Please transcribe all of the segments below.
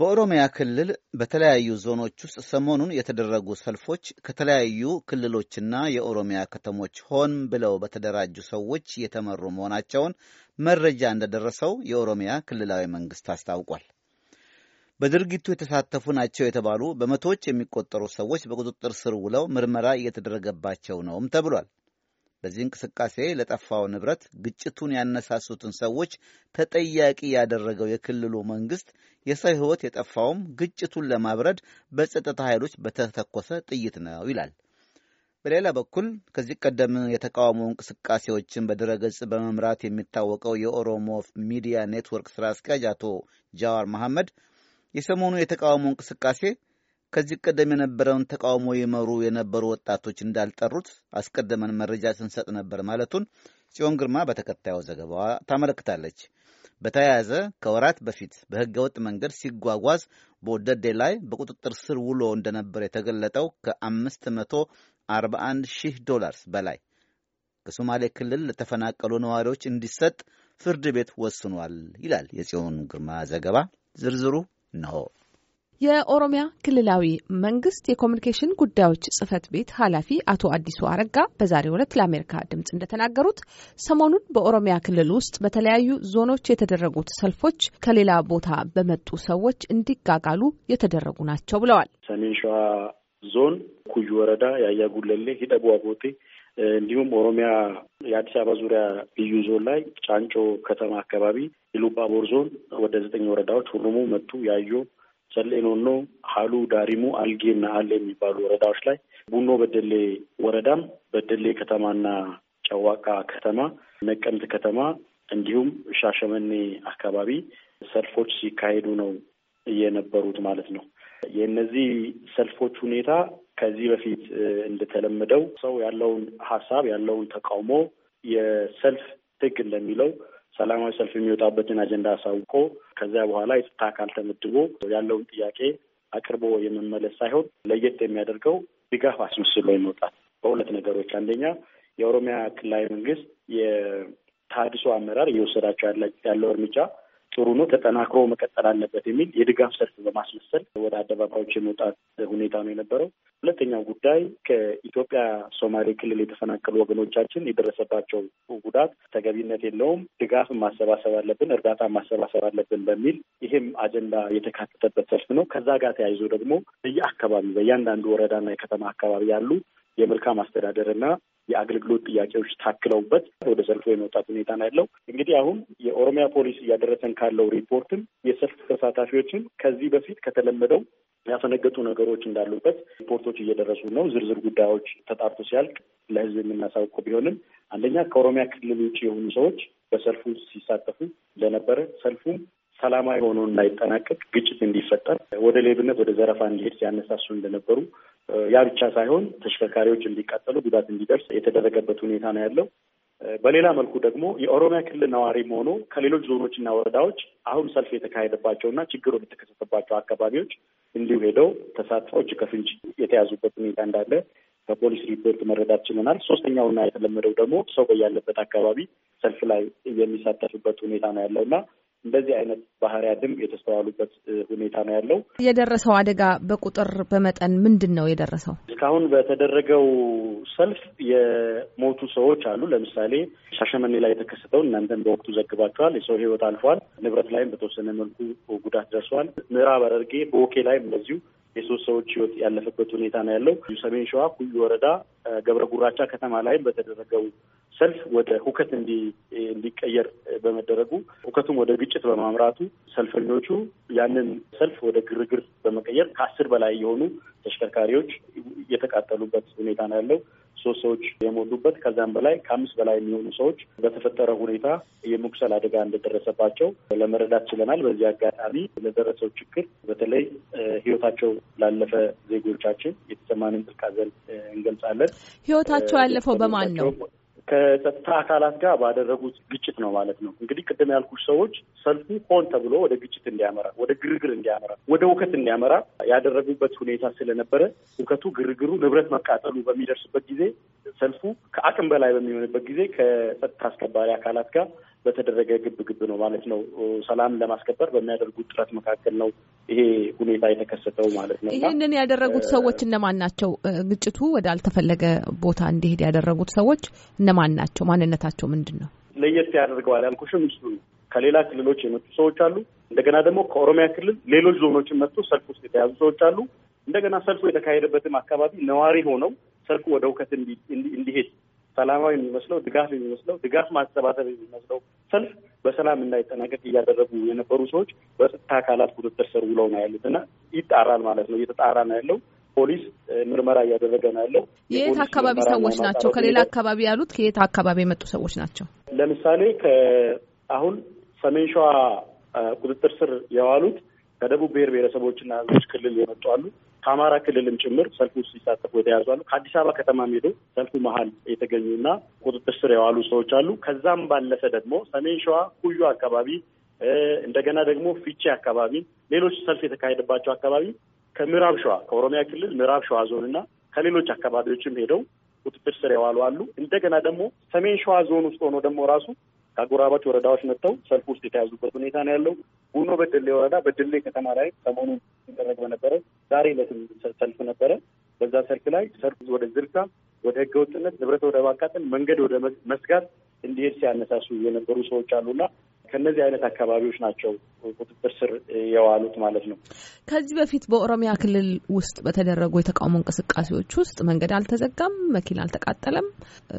በኦሮሚያ ክልል በተለያዩ ዞኖች ውስጥ ሰሞኑን የተደረጉ ሰልፎች ከተለያዩ ክልሎችና የኦሮሚያ ከተሞች ሆን ብለው በተደራጁ ሰዎች የተመሩ መሆናቸውን መረጃ እንደደረሰው የኦሮሚያ ክልላዊ መንግስት አስታውቋል። በድርጊቱ የተሳተፉ ናቸው የተባሉ በመቶዎች የሚቆጠሩ ሰዎች በቁጥጥር ስር ውለው ምርመራ እየተደረገባቸው ነውም ተብሏል። በዚህ እንቅስቃሴ ለጠፋው ንብረት ግጭቱን ያነሳሱትን ሰዎች ተጠያቂ ያደረገው የክልሉ መንግስት የሰው ሕይወት የጠፋውም ግጭቱን ለማብረድ በጸጥታ ኃይሎች በተተኮሰ ጥይት ነው ይላል። በሌላ በኩል ከዚህ ቀደም የተቃውሞ እንቅስቃሴዎችን በድረገጽ በመምራት የሚታወቀው የኦሮሞ ሚዲያ ኔትወርክ ሥራ አስኪያጅ አቶ ጃዋር መሐመድ የሰሞኑ የተቃውሞ እንቅስቃሴ ከዚህ ቀደም የነበረውን ተቃውሞ ይመሩ የነበሩ ወጣቶች እንዳልጠሩት አስቀድመን መረጃ ስንሰጥ ነበር ማለቱን ጽዮን ግርማ በተከታዩ ዘገባዋ ታመለክታለች። በተያያዘ ከወራት በፊት ወጥ መንገድ ሲጓጓዝ በወደዴ ላይ በቁጥጥር ስር ውሎ እንደነበር የተገለጠው ከ541 ሺህ ዶላርስ በላይ ከሶማሌ ክልል ለተፈናቀሉ ነዋሪዎች እንዲሰጥ ፍርድ ቤት ወስኗል ይላል የጽዮን ግርማ ዘገባ። ዝርዝሩ ነው። የኦሮሚያ ክልላዊ መንግስት የኮሚኒኬሽን ጉዳዮች ጽህፈት ቤት ኃላፊ አቶ አዲሱ አረጋ በዛሬው ዕለት ለአሜሪካ ድምፅ እንደተናገሩት ሰሞኑን በኦሮሚያ ክልል ውስጥ በተለያዩ ዞኖች የተደረጉት ሰልፎች ከሌላ ቦታ በመጡ ሰዎች እንዲጋጋሉ የተደረጉ ናቸው ብለዋል። ሰሜን ሸዋ ዞን ኩዩ ወረዳ ያያ ጉለሌ፣ ሂደቡ አቦቴ እንዲሁም ኦሮሚያ የአዲስ አበባ ዙሪያ ልዩ ዞን ላይ ጫንጮ ከተማ አካባቢ፣ ኢሉባቦር ዞን ወደ ዘጠኝ ወረዳዎች ሁሩሙ፣ መጡ ያዩ ጨሌኖኖ፣ ሀሉ፣ ዳሪሙ፣ አልጌ እና አለ የሚባሉ ወረዳዎች ላይ ቡኖ በደሌ ወረዳም በደሌ ከተማና ጨዋቃ ከተማ፣ ነቀምት ከተማ እንዲሁም ሻሸመኔ አካባቢ ሰልፎች ሲካሄዱ ነው የነበሩት ማለት ነው። የእነዚህ ሰልፎች ሁኔታ ከዚህ በፊት እንደተለመደው ሰው ያለውን ሀሳብ ያለውን ተቃውሞ የሰልፍ ሕግ እንደሚለው ሰላማዊ ሰልፍ የሚወጣበትን አጀንዳ አሳውቆ ከዚያ በኋላ የጸጥታ አካል ተመድቦ ያለውን ጥያቄ አቅርቦ የመመለስ ሳይሆን ለየት የሚያደርገው ድጋፍ አስመስሎ የመውጣት በሁለት ነገሮች፣ አንደኛ የኦሮሚያ ክልላዊ መንግስት የታድሶ አመራር እየወሰዳቸው ያለው እርምጃ ጥሩ ነው፣ ተጠናክሮ መቀጠል አለበት የሚል የድጋፍ ሰልፍ በማስመሰል ወደ አደባባዮች የመውጣት ሁኔታ ነው የነበረው። ሁለተኛው ጉዳይ ከኢትዮጵያ ሶማሌ ክልል የተፈናቀሉ ወገኖቻችን የደረሰባቸው ጉዳት ተገቢነት የለውም፣ ድጋፍ ማሰባሰብ አለብን፣ እርዳታ ማሰባሰብ አለብን በሚል ይህም አጀንዳ የተካተተበት ሰልፍ ነው። ከዛ ጋር ተያይዞ ደግሞ በየአካባቢ በእያንዳንዱ ወረዳና የከተማ አካባቢ ያሉ የመልካም አስተዳደርና የአገልግሎት ጥያቄዎች ታክለውበት ወደ ሰልፎ የመውጣት ሁኔታ ነው ያለው። እንግዲህ አሁን የኦሮሚያ ፖሊስ እያደረሰን ካለው ሪፖርትም የሰልፍ ተሳታፊዎችን ከዚህ በፊት ከተለመደው ያፈነገጡ ነገሮች እንዳሉበት ሪፖርቶች እየደረሱ ነው። ዝርዝር ጉዳዮች ተጣርቶ ሲያልቅ ለህዝብ የምናሳውቀው ቢሆንም አንደኛ ከኦሮሚያ ክልል ውጭ የሆኑ ሰዎች በሰልፉ ሲሳተፉ እንደነበረ ሰልፉም ሰላማዊ ሆኖ እንዳይጠናቀቅ ግጭት እንዲፈጠር ወደ ሌብነት፣ ወደ ዘረፋ እንዲሄድ ሲያነሳሱ እንደነበሩ ያ ብቻ ሳይሆን ተሽከርካሪዎች እንዲቃጠሉ ጉዳት እንዲደርስ የተደረገበት ሁኔታ ነው ያለው። በሌላ መልኩ ደግሞ የኦሮሚያ ክልል ነዋሪም ሆኖ ከሌሎች እና ወረዳዎች አሁን ሰልፍ የተካሄደባቸውና ችግሩ የተከሰተባቸው አካባቢዎች እንዲሁ ሄደው ተሳትፈው እጅ ከፍንጅ የተያዙበት ሁኔታ እንዳለ በፖሊስ ሪፖርት መረዳት ችለናል። ሶስተኛውና የተለመደው ደግሞ ሰው በያለበት አካባቢ ሰልፍ ላይ የሚሳተፍበት ሁኔታ ነው ያለው እና እንደዚህ አይነት ባህሪያትም የተስተዋሉበት ሁኔታ ነው ያለው። የደረሰው አደጋ በቁጥር በመጠን ምንድን ነው የደረሰው? እስካሁን በተደረገው ሰልፍ የሞቱ ሰዎች አሉ። ለምሳሌ ሻሸመኔ ላይ የተከሰተው እናንተን በወቅቱ ዘግባቸዋል። የሰው ህይወት አልፏል። ንብረት ላይም በተወሰነ መልኩ ጉዳት ደርሷል። ምዕራብ ሐረርጌ በወኬ ላይም እንደዚሁ የሶስት ሰዎች ህይወት ያለፈበት ሁኔታ ነው ያለው። ሰሜን ሸዋ ኩዩ ወረዳ ገብረ ጉራቻ ከተማ ላይ በተደረገው ሰልፍ ወደ ሁከት እንዲቀየር በመደረጉ ሁከቱም ወደ ግጭት በማምራቱ ሰልፈኞቹ ያንን ሰልፍ ወደ ግርግር በመቀየር ከአስር በላይ የሆኑ ተሽከርካሪዎች የተቃጠሉበት ሁኔታ ነው ያለው። ሶስት ሰዎች የሞሉበት ከዛም በላይ ከአምስት በላይ የሚሆኑ ሰዎች በተፈጠረ ሁኔታ የመቁሰል አደጋ እንደደረሰባቸው ለመረዳት ችለናል። በዚህ አጋጣሚ ለደረሰው ችግር በተለይ ህይወታቸው ላለፈ ዜጎቻችን የተሰማንን ጥልቅ ሐዘን እንገልጻለን። ህይወታቸው ያለፈው በማን ነው? ከጸጥታ አካላት ጋር ባደረጉት ግጭት ነው ማለት ነው። እንግዲህ ቅድም ያልኩት ሰዎች ሰልፉ ሆን ተብሎ ወደ ግጭት እንዲያመራ፣ ወደ ግርግር እንዲያመራ፣ ወደ እውከት እንዲያመራ ያደረጉበት ሁኔታ ስለነበረ እውከቱ፣ ግርግሩ፣ ንብረት መቃጠሉ በሚደርስበት ጊዜ ሰልፉ ከአቅም በላይ በሚሆንበት ጊዜ ከጸጥታ አስከባሪ አካላት ጋር በተደረገ ግብ ግብ ነው ማለት ነው። ሰላም ለማስከበር በሚያደርጉት ጥረት መካከል ነው ይሄ ሁኔታ የተከሰተው ማለት ነው። ይህንን ያደረጉት ሰዎች እነማን ናቸው? ግጭቱ ወደ አልተፈለገ ቦታ እንዲሄድ ያደረጉት ሰዎች እነማን ናቸው? ማንነታቸው ምንድን ነው? ለየት ያደርገዋል ያልኩሽም እሱ ነው። ከሌላ ክልሎች የመጡ ሰዎች አሉ። እንደገና ደግሞ ከኦሮሚያ ክልል ሌሎች ዞኖችን መጥቶ ሰልፍ ውስጥ የተያዙ ሰዎች አሉ። እንደገና ሰልፉ የተካሄደበትም አካባቢ ነዋሪ ሆነው ሰልፉ ወደ እውከት እንዲሄድ ሰላማዊ የሚመስለው ድጋፍ የሚመስለው ድጋፍ ማሰባሰብ የሚመስለው ሰልፍ በሰላም እንዳይጠናቀቅ እያደረጉ የነበሩ ሰዎች በጸጥታ አካላት ቁጥጥር ስር ውለው ነው ያሉት እና ይጣራል ማለት ነው። እየተጣራ ነው ያለው። ፖሊስ ምርመራ እያደረገ ነው ያለው። የየት አካባቢ ሰዎች ናቸው? ከሌላ አካባቢ ያሉት ከየት አካባቢ የመጡ ሰዎች ናቸው? ለምሳሌ አሁን ሰሜን ሸዋ ቁጥጥር ስር የዋሉት ከደቡብ ብሔር ብሔረሰቦችና ህዝቦች ክልል የመጡ አሉ። ከአማራ ክልልም ጭምር ሰልፉ ውስጥ ሲሳተፉ የተያዙ አሉ። ከአዲስ አበባ ከተማም ሄዶ ሰልፉ መሀል የተገኙና ቁጥጥር ስር የዋሉ ሰዎች አሉ። ከዛም ባለፈ ደግሞ ሰሜን ሸዋ ኩዩ አካባቢ እንደገና ደግሞ ፊቼ አካባቢ፣ ሌሎች ሰልፍ የተካሄደባቸው አካባቢ ከምዕራብ ሸዋ ከኦሮሚያ ክልል ምዕራብ ሸዋ ዞንና ከሌሎች አካባቢዎችም ሄደው ቁጥጥር ስር የዋሉ አሉ። እንደገና ደግሞ ሰሜን ሸዋ ዞን ውስጥ ሆኖ ደግሞ ራሱ ከአጎራባች ወረዳዎች መጥተው ሰልፍ ውስጥ የተያዙበት ሁኔታ ነው ያለው። ቡኖ በደሌ ወረዳ በድሌ ከተማ ላይ ሰሞኑን ሲደረግ በነበረ ዛሬ ዕለትም ሰልፍ ነበረ። በዛ ሰልፍ ላይ ሰልፍ ወደ ዝርጋ፣ ወደ ህገወጥነት፣ ንብረት ወደ ማቃጠል፣ መንገድ ወደ መስጋት እንዲሄድ ሲያነሳሱ የነበሩ ሰዎች አሉና ከእነዚህ አይነት አካባቢዎች ናቸው ቁጥጥር ስር የዋሉት ማለት ነው። ከዚህ በፊት በኦሮሚያ ክልል ውስጥ በተደረጉ የተቃውሞ እንቅስቃሴዎች ውስጥ መንገድ አልተዘጋም፣ መኪና አልተቃጠለም፣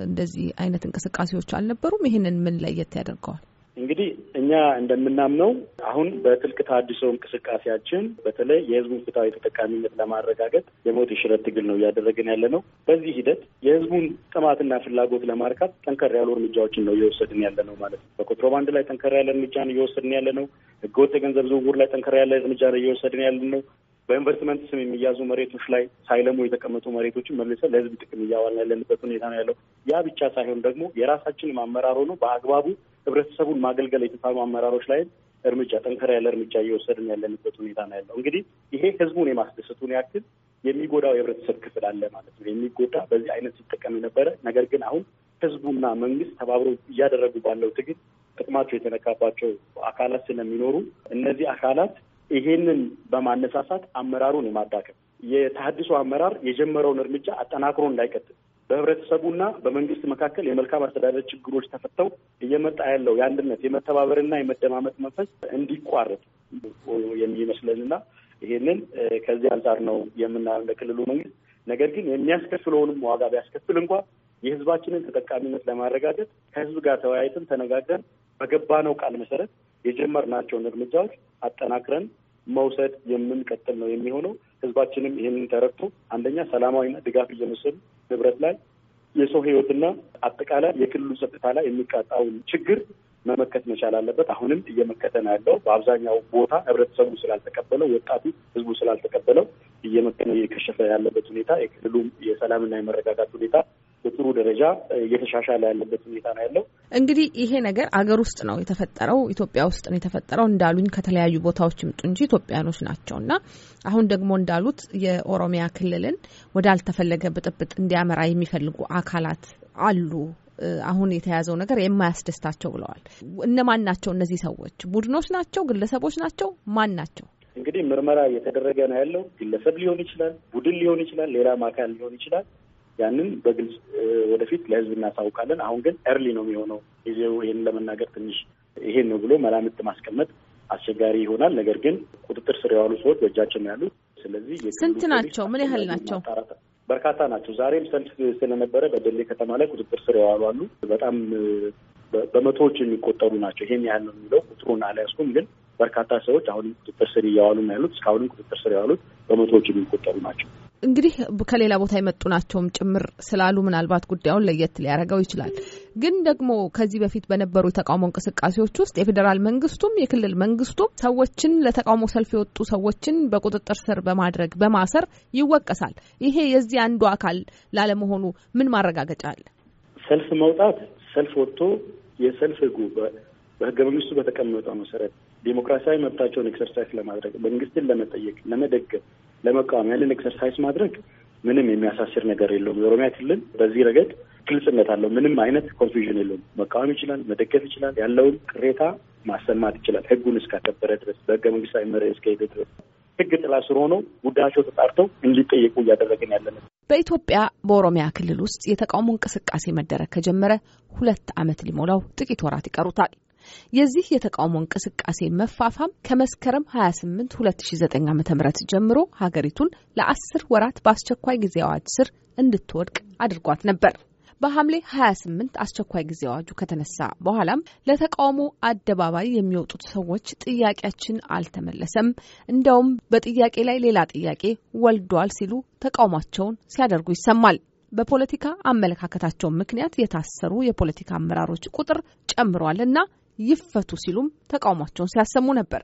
እንደዚህ አይነት እንቅስቃሴዎች አልነበሩም። ይህንን ምን ለየት ያደርገዋል? እንግዲህ እኛ እንደምናምነው አሁን በጥልቅ ተሃድሶ እንቅስቃሴያችን በተለይ የህዝቡን ፍትሐዊ ተጠቃሚነት ለማረጋገጥ የሞት የሽረት ትግል ነው እያደረግን ያለ ነው። በዚህ ሂደት የህዝቡን ጥማትና ፍላጎት ለማርካት ጠንከር ያሉ እርምጃዎችን ነው እየወሰድን ያለ ነው ማለት ነው። በኮንትሮባንድ ላይ ጠንከር ያለ እርምጃ ነው እየወሰድን ያለ ነው። ህገወጥ የገንዘብ ዝውውር ላይ ጠንከር ያለ እርምጃ ነው እየወሰድን ያለ ነው። በኢንቨስትመንት ስም የሚያዙ መሬቶች ላይ ሳይለሙ የተቀመጡ መሬቶችን መልሰን ለህዝብ ጥቅም እያዋልን ያለንበት ሁኔታ ነው ያለው። ያ ብቻ ሳይሆን ደግሞ የራሳችንም አመራር ሆኖ በአግባቡ ህብረተሰቡን ማገልገል የተሳኑ አመራሮች ላይ እርምጃ ጠንከር ያለ እርምጃ እየወሰድን ያለንበት ሁኔታ ነው ያለው። እንግዲህ ይሄ ህዝቡን የማስደሰቱን ያክል የሚጎዳው የህብረተሰብ ክፍል አለ ማለት ነው። የሚጎዳ በዚህ አይነት ሲጠቀም የነበረ ነገር ግን አሁን ህዝቡና መንግስት ተባብሮ እያደረጉ ባለው ትግል ጥቅማቸው የተነካባቸው አካላት ስለሚኖሩ እነዚህ አካላት ይሄንን በማነሳሳት አመራሩን የማዳከም የተሀድሶ አመራር የጀመረውን እርምጃ አጠናክሮ እንዳይቀጥል በህብረተሰቡና በመንግስት መካከል የመልካም አስተዳደር ችግሮች ተፈተው እየመጣ ያለው የአንድነት የመተባበርና የመደማመጥ መንፈስ እንዲቋረጥ የሚመስለንና ይሄንን ከዚህ አንጻር ነው የምናየው እንደ ክልሉ መንግስት። ነገር ግን የሚያስከፍለውንም ዋጋ ቢያስከፍል እንኳ የህዝባችንን ተጠቃሚነት ለማረጋገጥ ከህዝብ ጋር ተወያይተን ተነጋግረን በገባነው ቃል መሰረት የጀመርናቸውን እርምጃዎች አጠናክረን መውሰድ የምንቀጥል ነው የሚሆነው። ህዝባችንም ይህንን ተረድቶ አንደኛ ሰላማዊና ድጋፍ እየመሰሉ ንብረት ላይ የሰው ህይወትና አጠቃላይ የክልሉ ጸጥታ ላይ የሚቃጣውን ችግር መመከት መቻል አለበት። አሁንም እየመከተ ነው ያለው። በአብዛኛው ቦታ ህብረተሰቡ ስላልተቀበለው፣ ወጣቱ ህዝቡ ስላልተቀበለው እየመከነ እየከሸፈ ያለበት ሁኔታ የክልሉም የሰላምና የመረጋጋት ሁኔታ በጥሩ ደረጃ እየተሻሻለ ያለበት ሁኔታ ነው ያለው። እንግዲህ ይሄ ነገር አገር ውስጥ ነው የተፈጠረው፣ ኢትዮጵያ ውስጥ ነው የተፈጠረው እንዳሉኝ ከተለያዩ ቦታዎች ይምጡ እንጂ ኢትዮጵያኖች ናቸው እና አሁን ደግሞ እንዳሉት የኦሮሚያ ክልልን ወዳልተፈለገ ብጥብጥ እንዲያመራ የሚፈልጉ አካላት አሉ። አሁን የተያዘው ነገር የማያስደስታቸው ብለዋል። እነማን ናቸው እነዚህ ሰዎች? ቡድኖች ናቸው? ግለሰቦች ናቸው? ማን ናቸው? እንግዲህ ምርመራ እየተደረገ ነው ያለው። ግለሰብ ሊሆን ይችላል፣ ቡድን ሊሆን ይችላል፣ ሌላም አካል ሊሆን ይችላል። ያንን በግልጽ ወደፊት ለህዝብ እናሳውቃለን። አሁን ግን ኤርሊ ነው የሚሆነው ጊዜው። ይህን ለመናገር ትንሽ ይሄን ነው ብሎ መላምት ማስቀመጥ አስቸጋሪ ይሆናል። ነገር ግን ቁጥጥር ስር የዋሉ ሰዎች በእጃችን ነው ያሉት። ስለዚህ ስንት ናቸው? ምን ያህል ናቸው? በርካታ ናቸው። ዛሬም ሰልፍ ስለነበረ በደሌ ከተማ ላይ ቁጥጥር ስር የዋሉ አሉ። በጣም በመቶዎች የሚቆጠሩ ናቸው። ይሄን ያህል ነው የሚለው ቁጥሩን አልያዝኩም፣ ግን በርካታ ሰዎች አሁንም ቁጥጥር ስር እያዋሉ ነው ያሉት። እስካሁንም ቁጥጥር ስር የዋሉት በመቶዎች የሚቆጠሩ ናቸው። እንግዲህ ከሌላ ቦታ የመጡ ናቸውም ጭምር ስላሉ ምናልባት ጉዳዩን ለየት ሊያደርገው ይችላል። ግን ደግሞ ከዚህ በፊት በነበሩ የተቃውሞ እንቅስቃሴዎች ውስጥ የፌዴራል መንግስቱም የክልል መንግስቱም ሰዎችን ለተቃውሞ ሰልፍ የወጡ ሰዎችን በቁጥጥር ስር በማድረግ በማሰር ይወቀሳል። ይሄ የዚህ አንዱ አካል ላለመሆኑ ምን ማረጋገጫ አለ? ሰልፍ መውጣት ሰልፍ ወጥቶ የሰልፍ ህጉ በህገ መንግስቱ በተቀመጠው መሰረት ዴሞክራሲያዊ መብታቸውን ኤክሰርሳይዝ ለማድረግ መንግስትን ለመጠየቅ ለመደገፍ ለመቃወም ያለን ኤክሰርሳይዝ ማድረግ ምንም የሚያሳስር ነገር የለውም። የኦሮሚያ ክልል በዚህ ረገድ ግልጽነት አለው። ምንም አይነት ኮንፊውዥን የለውም። መቃወም ይችላል፣ መደገፍ ይችላል፣ ያለውን ቅሬታ ማሰማት ይችላል። ህጉን እስካከበረ ድረስ በህገ መንግስታዊ መርህ እስከሄደ ድረስ ህግ ጥላ ስር ሆነው ጉዳያቸው ተጣርተው እንዲጠየቁ እያደረግን ያለን። በኢትዮጵያ በኦሮሚያ ክልል ውስጥ የተቃውሞ እንቅስቃሴ መደረግ ከጀመረ ሁለት ዓመት ሊሞላው ጥቂት ወራት ይቀሩታል። የዚህ የተቃውሞ እንቅስቃሴ መፋፋም ከመስከረም 28 2009 ዓ ም ጀምሮ ሀገሪቱን ለአስር ወራት በአስቸኳይ ጊዜ አዋጅ ስር እንድትወድቅ አድርጓት ነበር። በሐምሌ 28 አስቸኳይ ጊዜ አዋጁ ከተነሳ በኋላም ለተቃውሞ አደባባይ የሚወጡት ሰዎች ጥያቄያችን አልተመለሰም፣ እንዲያውም በጥያቄ ላይ ሌላ ጥያቄ ወልዷል ሲሉ ተቃውሟቸውን ሲያደርጉ ይሰማል። በፖለቲካ አመለካከታቸው ምክንያት የታሰሩ የፖለቲካ አመራሮች ቁጥር ጨምሯል እና ይፈቱ ሲሉም ተቃውሟቸውን ሲያሰሙ ነበር።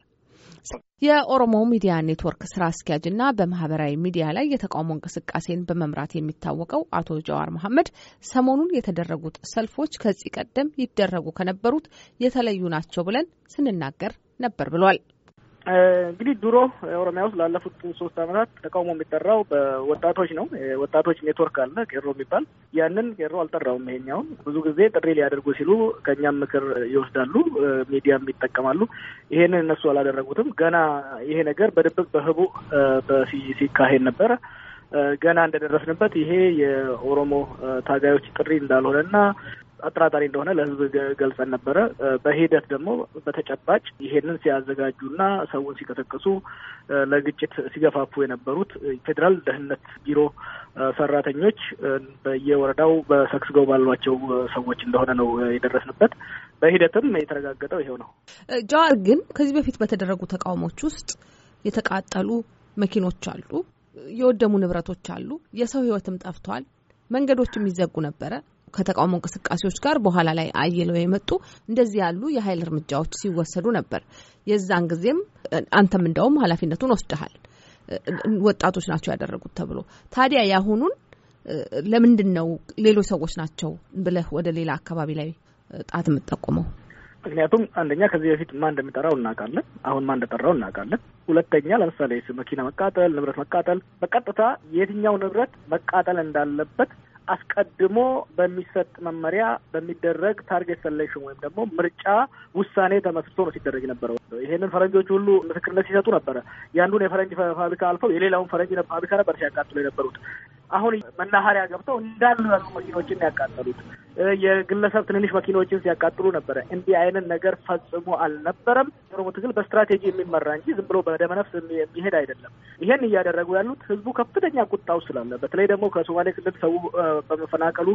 የኦሮሞ ሚዲያ ኔትወርክ ስራ አስኪያጅ እና በማህበራዊ ሚዲያ ላይ የተቃውሞ እንቅስቃሴን በመምራት የሚታወቀው አቶ ጀዋር መሐመድ ሰሞኑን የተደረጉት ሰልፎች ከዚህ ቀደም ይደረጉ ከነበሩት የተለዩ ናቸው ብለን ስንናገር ነበር ብሏል። እንግዲህ ድሮ ኦሮሚያ ውስጥ ላለፉት ሶስት ዓመታት ተቃውሞ የሚጠራው በወጣቶች ነው። ወጣቶች ኔትወርክ አለ ቄሮ የሚባል ያንን ቄሮ አልጠራውም። ይሄኛውን ብዙ ጊዜ ጥሪ ሊያደርጉ ሲሉ ከእኛም ምክር ይወስዳሉ፣ ሚዲያም ይጠቀማሉ። ይሄንን እነሱ አላደረጉትም። ገና ይሄ ነገር በድብቅ በህቡ ሲካሄድ ነበረ። ገና እንደደረስንበት ይሄ የኦሮሞ ታጋዮች ጥሪ እንዳልሆነና አጠራጣሪ እንደሆነ ለህዝብ ገልጸን ነበረ። በሂደት ደግሞ በተጨባጭ ይሄንን ሲያዘጋጁና ሰውን ሲቀሰቅሱ ለግጭት ሲገፋፉ የነበሩት ፌዴራል ደህንነት ቢሮ ሰራተኞች በየወረዳው በሰክስገው ባሏቸው ሰዎች እንደሆነ ነው የደረስንበት። በሂደትም የተረጋገጠው ይሄው ነው። ጀዋር ግን ከዚህ በፊት በተደረጉ ተቃውሞች ውስጥ የተቃጠሉ መኪኖች አሉ፣ የወደሙ ንብረቶች አሉ፣ የሰው ህይወትም ጠፍቷል፣ መንገዶች የሚዘጉ ነበረ። ከተቃውሞ እንቅስቃሴዎች ጋር በኋላ ላይ አየለው የመጡ እንደዚህ ያሉ የኃይል እርምጃዎች ሲወሰዱ ነበር። የዛን ጊዜም አንተም እንደውም ኃላፊነቱን ወስደሃል። ወጣቶች ናቸው ያደረጉት ተብሎ ታዲያ ያሁኑን ለምንድን ነው ሌሎች ሰዎች ናቸው ብለህ ወደ ሌላ አካባቢ ላይ ጣት የምትጠቁመው? ምክንያቱም አንደኛ ከዚህ በፊት ማን እንደሚጠራው እናውቃለን። አሁን ማን እንደጠራው እናውቃለን። ሁለተኛ ለምሳሌ መኪና መቃጠል፣ ንብረት መቃጠል በቀጥታ የትኛው ንብረት መቃጠል እንዳለበት አስቀድሞ በሚሰጥ መመሪያ በሚደረግ ታርጌት ሰሌክሽን ወይም ደግሞ ምርጫ ውሳኔ ተመስርቶ ነው ሲደረግ የነበረው። ይሄንን ፈረንጆች ሁሉ ምስክርነት ሲሰጡ ነበረ። ያንዱን የፈረንጅ ፋብሪካ አልፈው የሌላውን ፈረንጅ ፋብሪካ ነበር ሲያቃጥሉ የነበሩት። አሁን መናኸሪያ ገብተው እንዳሉ ያሉ መኪኖችን ያቃጠሉት የግለሰብ ትንንሽ መኪኖችን ሲያቃጥሉ ነበረ። እንዲህ አይነት ነገር ፈጽሞ አልነበረም። ኦሮሞ ትግል በስትራቴጂ የሚመራ እንጂ ዝም ብሎ በደመነፍስ የሚሄድ አይደለም። ይሄን እያደረጉ ያሉት ህዝቡ ከፍተኛ ቁጣው ስላለ፣ በተለይ ደግሞ ከሶማሌ ክልል ሰው በመፈናቀሉ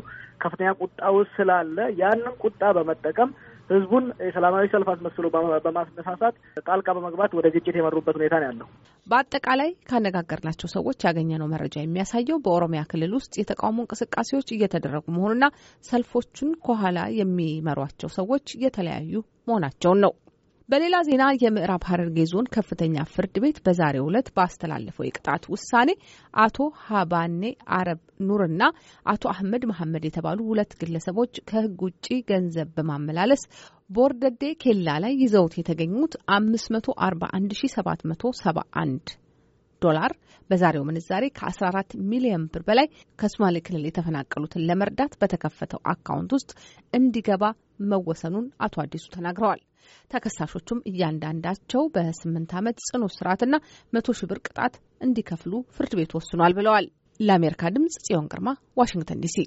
ከፍተኛ ቁጣው ስላለ ያንን ቁጣ በመጠቀም ህዝቡን የሰላማዊ ሰልፍ አስመስሎ በማስነሳሳት ጣልቃ በመግባት ወደ ግጭት የመሩበት ሁኔታ ነው ያለው። በአጠቃላይ ካነጋገርናቸው ሰዎች ያገኘነው መረጃ የሚያሳየው በኦሮሚያ ክልል ውስጥ የተቃውሞ እንቅስቃሴዎች እየተደረጉ መሆኑና ሰልፎቹን ከኋላ የሚመሯቸው ሰዎች የተለያዩ መሆናቸውን ነው። በሌላ ዜና የምዕራብ ሀረርጌ ዞን ከፍተኛ ፍርድ ቤት በዛሬው ዕለት ባስተላለፈው የቅጣት ውሳኔ አቶ ሀባኔ አረብ ኑርና አቶ አህመድ መሐመድ የተባሉ ሁለት ግለሰቦች ከህግ ውጭ ገንዘብ በማመላለስ ቦርደዴ ኬላ ላይ ይዘውት የተገኙት 541771 ዶላር በዛሬው ምንዛሬ ከ14 ሚሊዮን ብር በላይ ከሶማሌ ክልል የተፈናቀሉትን ለመርዳት በተከፈተው አካውንት ውስጥ እንዲገባ መወሰኑን አቶ አዲሱ ተናግረዋል። ተከሳሾቹም እያንዳንዳቸው በስምንት ዓመት ጽኑ እስራትና መቶ ሺህ ብር ቅጣት እንዲከፍሉ ፍርድ ቤት ወስኗል ብለዋል። ለአሜሪካ ድምጽ ጽዮን ግርማ ዋሽንግተን ዲሲ